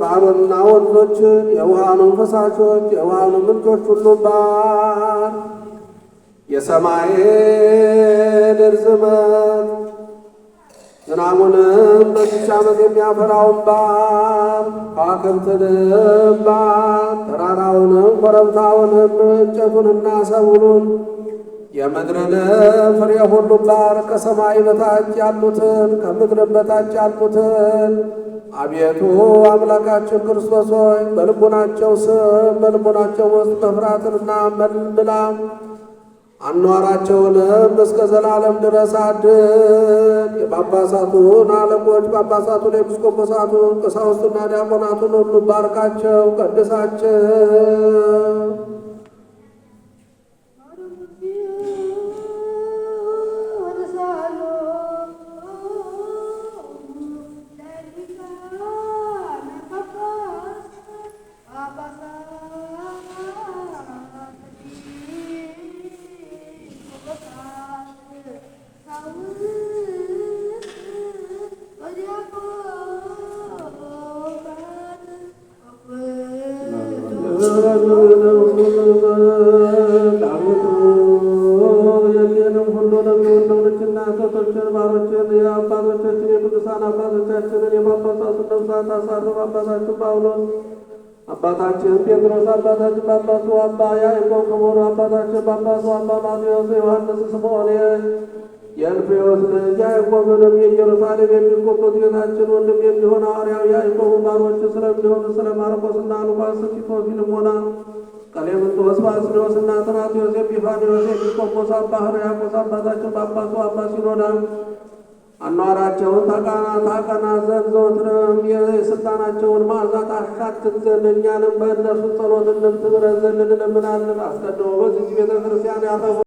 ባህሩንና ወንዞችን የውሃኑን ፈሳሾች የውሃኑ ምንጮች ሁሉ ባር የሰማይን ርዝመት ዝናቡንም በዚች ዓመት የሚያፈራውን ባር ከዋክብትንም ባር ተራራውንም ኮረብታውንም እንጨቱንና ሰብሉን የምድርን ፍሬ ሁሉ ባር ከሰማይ በታች ያሉትን ከምድርን በታች ያሉትን አቤቱ አምላካችን ክርስቶስ ሆይ በልቡናቸው ስም በልቡናቸው ውስጥ መፍራትንና መልምላም አኗራቸውንም እስከ ዘላለም ድረስ አድን። የጳጳሳቱን አለቆች ጳጳሳቱን፣ ኤጲስቆጶሳቱን፣ ቀሳውስቱና ዲያቆናቱን ሁሉ ባርካቸው፣ ቀድሳቸው። አባታችን ጴጥሮስ አባታችን ጳጳሱ አባ ያዕቆብ ክቡር አባታችን ጳጳሱ አባ ማቴዎስ ዮሐንስ ስምዖን የእልፍዮስ ልጅ ያዕቆብንም የኢየሩሳሌም የሚጎበዝ ጌታችን ወንድም የሚሆን ሐዋርያው ያዕቆብ ባሮች ስለሚሆኑ ስለ ማርቆስና ሉቃስ፣ ቲቶ፣ ፊልሞና፣ ቀሌምንጦስ፣ ባስልዮስና ጥናትዮስ፣ ኤጲፋንዮስ፣ ኤጲስቆጶስ አባ ሕርያቆስ አባታችን ጳጳሱ አባ ሲኖዳ አኗራቸውን ታቀና ዘንድ ዘወትርም የሥልጣናቸውን መዓዛ ታሻትት ዘንድ እኛንም በእነርሱ ጸሎት እንድትምረን ዘንድ እንለምናለን። አስቀድሞ በዚች ቤተ ክርስቲያን ያፈ